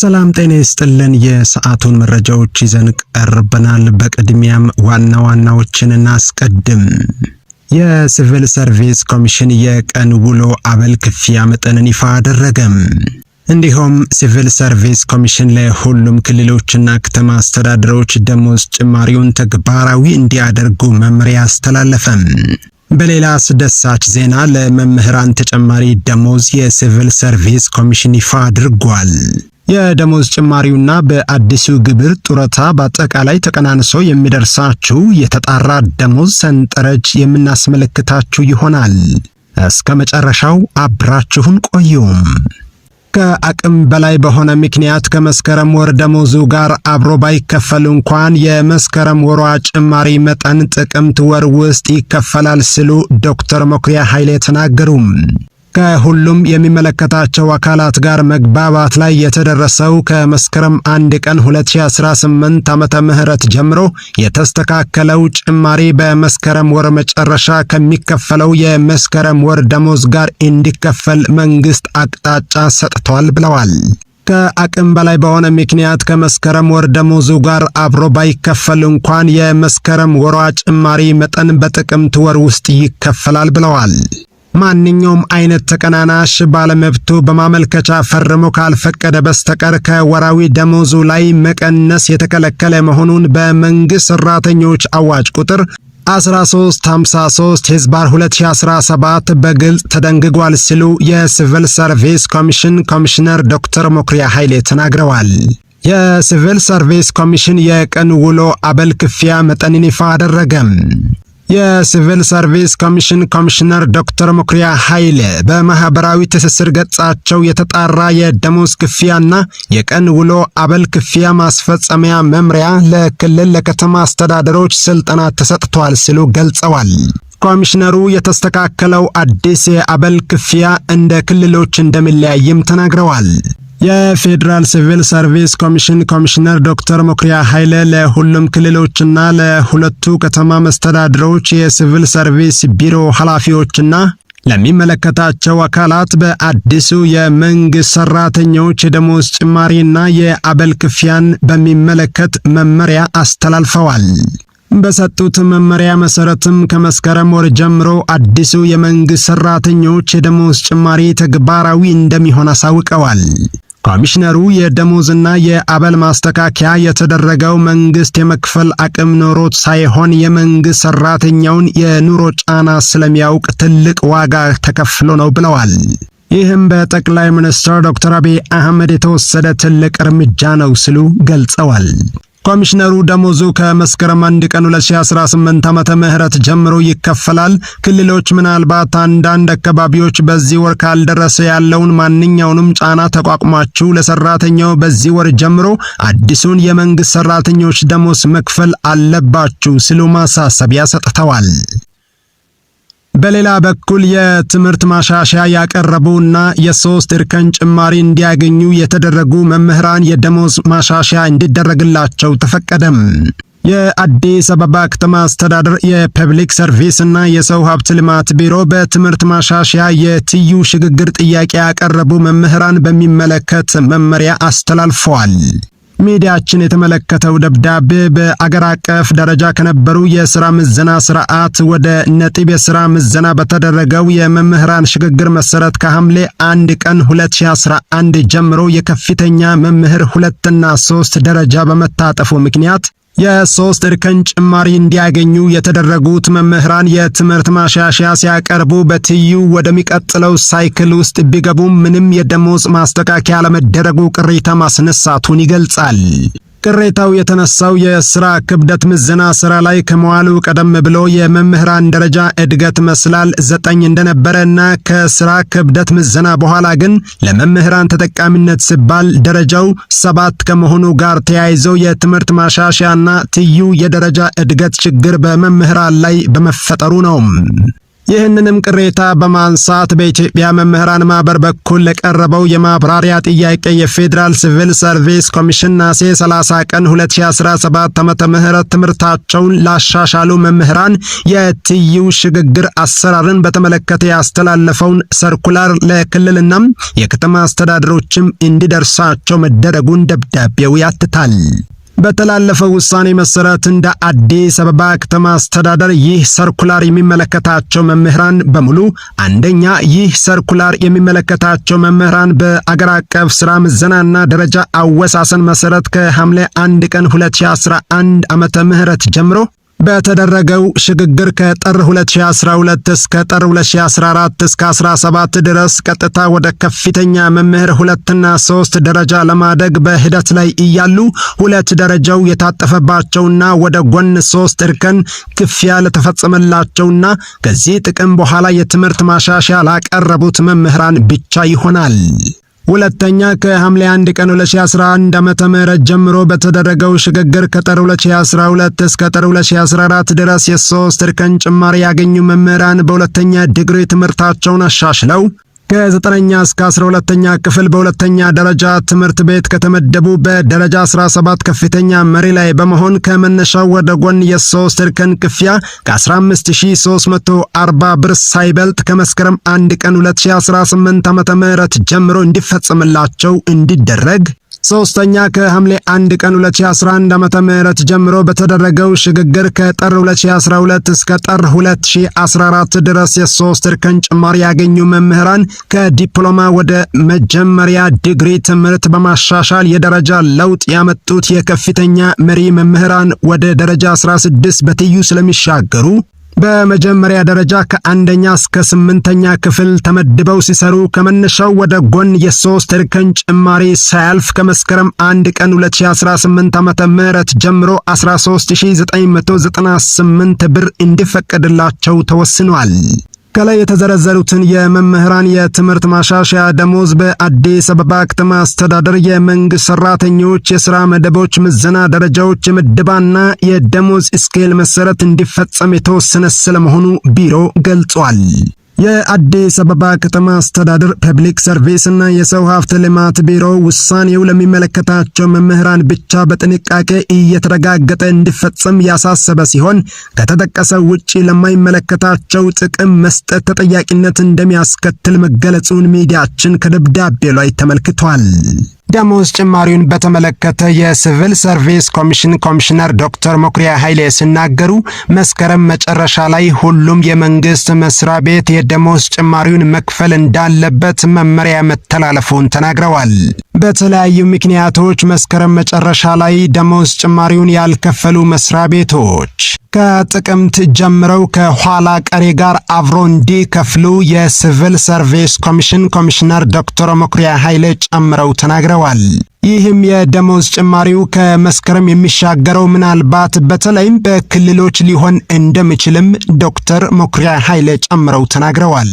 ሰላም ጤና ይስጥልን። የሰዓቱን መረጃዎች ይዘን ቀርበናል። በቅድሚያም ዋና ዋናዎችን እናስቀድም። የሲቪል ሰርቪስ ኮሚሽን የቀን ውሎ አበል ክፍያ መጠንን ይፋ አደረገም። እንዲሁም ሲቪል ሰርቪስ ኮሚሽን ለሁሉም ክልሎችና ከተማ አስተዳደሮች ደሞዝ ጭማሪውን ተግባራዊ እንዲያደርጉ መመሪያ አስተላለፈም። በሌላ አስደሳች ዜና ለመምህራን ተጨማሪ ደሞዝ የሲቪል ሰርቪስ ኮሚሽን ይፋ አድርጓል። የደሞዝ ጭማሪውና በአዲሱ ግብር ጡረታ በአጠቃላይ ተቀናንሶ የሚደርሳችሁ የተጣራ ደሞዝ ሰንጠረዥ የምናስመለክታችሁ ይሆናል። እስከ መጨረሻው አብራችሁን ቆዩም። ከአቅም በላይ በሆነ ምክንያት ከመስከረም ወር ደሞዙ ጋር አብሮ ባይከፈል እንኳን የመስከረም ወሯ ጭማሪ መጠን ጥቅምት ወር ውስጥ ይከፈላል ሲሉ ዶክተር መኩሪያ ኃይሌ ተናገሩም። ከሁሉም የሚመለከታቸው አካላት ጋር መግባባት ላይ የተደረሰው ከመስከረም አንድ ቀን 2018 ዓመተ ምህረት ጀምሮ የተስተካከለው ጭማሪ በመስከረም ወር መጨረሻ ከሚከፈለው የመስከረም ወር ደሞዝ ጋር እንዲከፈል መንግስት አቅጣጫ ሰጥቷል ብለዋል። ከአቅም በላይ በሆነ ምክንያት ከመስከረም ወር ደሞዙ ጋር አብሮ ባይከፈል እንኳን የመስከረም ወሯ ጭማሪ መጠን በጥቅምት ወር ውስጥ ይከፈላል ብለዋል። ማንኛውም አይነት ተቀናናሽ ባለመብቱ በማመልከቻ ፈርሞ ካልፈቀደ በስተቀር ከወራዊ ደሞዙ ላይ መቀነስ የተከለከለ መሆኑን በመንግሥት ሠራተኞች አዋጅ ቁጥር 1353 ህዝባር 2017 በግልጽ ተደንግጓል ሲሉ የሲቪል ሰርቪስ ኮሚሽን ኮሚሽነር ዶክተር ሞክሪያ ኃይሌ ተናግረዋል። የሲቪል ሰርቪስ ኮሚሽን የቀን ውሎ አበል ክፍያ መጠንን ይፋ አደረገም። የሲቪል ሰርቪስ ኮሚሽን ኮሚሽነር ዶክተር መኩሪያ ኃይሌ በማህበራዊ ትስስር ገጻቸው የተጣራ የደሞዝ ክፍያና የቀን ውሎ አበል ክፍያ ማስፈጸሚያ መምሪያ ለክልል ለከተማ አስተዳደሮች ስልጠና ተሰጥቷል ሲሉ ገልጸዋል። ኮሚሽነሩ የተስተካከለው አዲስ የአበል ክፍያ እንደ ክልሎች እንደሚለያይም ተናግረዋል። የፌዴራል ሲቪል ሰርቪስ ኮሚሽን ኮሚሽነር ዶክተር ሞክሪያ ኃይለ ለሁሉም ክልሎችና ለሁለቱ ከተማ መስተዳድሮች የሲቪል ሰርቪስ ቢሮ ኃላፊዎችና ለሚመለከታቸው አካላት በአዲሱ የመንግሥት ሠራተኞች የደሞዝ ጭማሪና የአበል ክፍያን በሚመለከት መመሪያ አስተላልፈዋል። በሰጡት መመሪያ መሰረትም ከመስከረም ወር ጀምሮ አዲሱ የመንግስት ሰራተኞች የደሞዝ ጭማሪ ተግባራዊ እንደሚሆን አሳውቀዋል። ኮሚሽነሩ የደሞዝና የአበል ማስተካከያ የተደረገው መንግስት የመክፈል አቅም ኖሮት ሳይሆን የመንግስት ሰራተኛውን የኑሮ ጫና ስለሚያውቅ ትልቅ ዋጋ ተከፍሎ ነው ብለዋል። ይህም በጠቅላይ ሚኒስትር ዶክተር አብይ አህመድ የተወሰደ ትልቅ እርምጃ ነው ሲሉ ገልጸዋል። ኮሚሽነሩ ደሞዙ ከመስከረም 1 ቀን 2018 ዓመተ ምህረት ጀምሮ ይከፈላል። ክልሎች ምናልባት አንዳንድ አካባቢዎች በዚህ ወር ካልደረሰ ያለውን ማንኛውንም ጫና ተቋቁማችሁ ለሰራተኛው በዚህ ወር ጀምሮ አዲሱን የመንግስት ሰራተኞች ደሞዝ መክፈል አለባችሁ ሲሉ ማሳሰቢያ ሰጥተዋል። በሌላ በኩል የትምህርት ማሻሻያ ያቀረቡና የሶስት እርከን ጭማሪ እንዲያገኙ የተደረጉ መምህራን የደሞዝ ማሻሻያ እንዲደረግላቸው ተፈቀደም። የአዲስ አበባ ከተማ አስተዳደር የፐብሊክ ሰርቪስ እና የሰው ሀብት ልማት ቢሮ በትምህርት ማሻሻያ የትዩ ሽግግር ጥያቄ ያቀረቡ መምህራን በሚመለከት መመሪያ አስተላልፈዋል። ሚዲያችን የተመለከተው ደብዳቤ በአገር አቀፍ ደረጃ ከነበሩ የስራ ምዘና ስርዓት ወደ ነጥብ የስራ ምዘና በተደረገው የመምህራን ሽግግር መሰረት ከሐምሌ 1 ቀን 2011 ጀምሮ የከፍተኛ መምህር ሁለትና ሶስት ደረጃ በመታጠፉ ምክንያት የሶስት እርከን ጭማሪ እንዲያገኙ የተደረጉት መምህራን የትምህርት ማሻሻያ ሲያቀርቡ በትይዩ ወደሚቀጥለው ሳይክል ውስጥ ቢገቡም ምንም የደሞዝ ማስተካከያ አለመደረጉ ቅሬታ ማስነሳቱን ይገልጻል። ቅሬታው የተነሳው የስራ ክብደት ምዘና ስራ ላይ ከመዋሉ ቀደም ብሎ የመምህራን ደረጃ እድገት መስላል ዘጠኝ እንደነበረ እና ከስራ ክብደት ምዘና በኋላ ግን ለመምህራን ተጠቃሚነት ሲባል ደረጃው ሰባት ከመሆኑ ጋር ተያይዘው የትምህርት ማሻሻያና ትዩ የደረጃ እድገት ችግር በመምህራን ላይ በመፈጠሩ ነው። ይህንንም ቅሬታ በማንሳት በኢትዮጵያ መምህራን ማህበር በኩል ለቀረበው የማብራሪያ ጥያቄ የፌዴራል ሲቪል ሰርቪስ ኮሚሽን ናሴ 30 ቀን 2017 ዓመተ ምህረት ትምህርታቸውን ላሻሻሉ መምህራን የትዩ ሽግግር አሰራርን በተመለከተ ያስተላለፈውን ሰርኩላር ለክልልና የከተማ አስተዳደሮችም እንዲደርሳቸው መደረጉን ደብዳቤው ያትታል። በተላለፈው ውሳኔ መሰረት እንደ አዲስ አበባ ከተማ አስተዳደር ይህ ሰርኩላር የሚመለከታቸው መምህራን በሙሉ አንደኛ፣ ይህ ሰርኩላር የሚመለከታቸው መምህራን በአገር አቀፍ ስራ ምዘናና ደረጃ አወሳሰን መሰረት ከሐምሌ 1 ቀን 2011 ዓመተ ምህረት ጀምሮ በተደረገው ሽግግር ከጥር 2012 እስከ ጥር 2014 እስከ 17 ድረስ ቀጥታ ወደ ከፍተኛ መምህር ሁለትና ሶስት ደረጃ ለማደግ በሂደት ላይ እያሉ ሁለት ደረጃው የታጠፈባቸውና ወደ ጎን ሶስት እርከን ክፍያ ለተፈጸመላቸውና ከዚህ ጥቅም በኋላ የትምህርት ማሻሻያ ላቀረቡት መምህራን ብቻ ይሆናል። ሁለተኛ ከሐምሌ 1 ቀን 2011 ዓመተ ምህረት ጀምሮ በተደረገው ሽግግር ከጥር 2012 እስከ ጥር 2014 ድረስ የሶስት እርከን ጭማሪ ያገኙ መምህራን በሁለተኛ ዲግሪ ትምህርታቸውን አሻሽለው ከዘጠነኛ እስከ 12ኛ ክፍል በሁለተኛ ደረጃ ትምህርት ቤት ከተመደቡ በደረጃ 17 ከፍተኛ መሪ ላይ በመሆን ከመነሻው ወደ ጎን የሶስት እርከን ክፍያ ከ15340 ብር ሳይበልጥ ከመስከረም 1 ቀን 2018 ዓ.ም ጀምሮ እንዲፈጸምላቸው እንዲደረግ ሶስተኛ ከሐምሌ 1 ቀን 2011 ዓ.ም ጀምሮ በተደረገው ሽግግር ከጥር 2012 እስከ ጥር 2014 ድረስ የሶስት እርከን ጭማሪ ያገኙ መምህራን ከዲፕሎማ ወደ መጀመሪያ ዲግሪ ትምህርት በማሻሻል የደረጃ ለውጥ ያመጡት የከፍተኛ መሪ መምህራን ወደ ደረጃ 16 በትዩ ስለሚሻገሩ በመጀመሪያ ደረጃ ከአንደኛ እስከ ስምንተኛ ክፍል ተመድበው ሲሰሩ ከመነሻው ወደ ጎን የሶስት እርከን ጭማሪ ሳያልፍ ከመስከረም 1 ቀን 2018 ዓመተ ምህረት ጀምሮ 13998 ብር እንዲፈቀድላቸው ተወስኗል። ከላይ የተዘረዘሩትን የመምህራን የትምህርት ማሻሻያ ደሞዝ፣ በአዲስ አበባ ከተማ አስተዳደር የመንግስት ሰራተኞች የስራ መደቦች ምዘና ደረጃዎች፣ የምድባና የደሞዝ ስኬል መሰረት እንዲፈጸም የተወሰነ ስለመሆኑ ቢሮ ገልጿል። የአዲስ አበባ ከተማ አስተዳደር ፐብሊክ ሰርቪስ እና የሰው ሀብት ልማት ቢሮ ውሳኔው ለሚመለከታቸው መምህራን ብቻ በጥንቃቄ እየተረጋገጠ እንዲፈጸም ያሳሰበ ሲሆን ከተጠቀሰው ውጪ ለማይመለከታቸው ጥቅም መስጠት ተጠያቂነት እንደሚያስከትል መገለጹን ሚዲያችን ከደብዳቤ ላይ ተመልክቷል። ደሞዝ ጭማሪውን በተመለከተ የሲቪል ሰርቪስ ኮሚሽን ኮሚሽነር ዶክተር መኩሪያ ኃይሌ ሲናገሩ መስከረም መጨረሻ ላይ ሁሉም የመንግስት መስሪያ ቤት የደሞዝ ጭማሪውን መክፈል እንዳለበት መመሪያ መተላለፉን ተናግረዋል። በተለያዩ ምክንያቶች መስከረም መጨረሻ ላይ ደሞዝ ጭማሪውን ያልከፈሉ መስሪያ ቤቶች ከጥቅምት ጀምረው ከኋላ ቀሪ ጋር አብሮ እንዲከፍሉ የሲቪል ሰርቪስ ኮሚሽን ኮሚሽነር ዶክተር መኩሪያ ኃይለ ጨምረው ተናግረዋል። ይህም የደሞዝ ጭማሪው ከመስከረም የሚሻገረው ምናልባት በተለይም በክልሎች ሊሆን እንደሚችልም ዶክተር መኩሪያ ኃይለ ጨምረው ተናግረዋል።